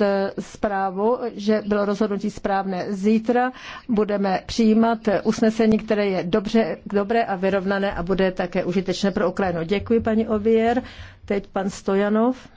Eh, zprávu, že bylo rozhodnutí správné. Zítra budeme přijímat usnesení, které je dobře, dobré a vyrovnané a bude také užitečné pro Ukrajinu. Děkuji, paní Ovier. Teď pan Stojanov.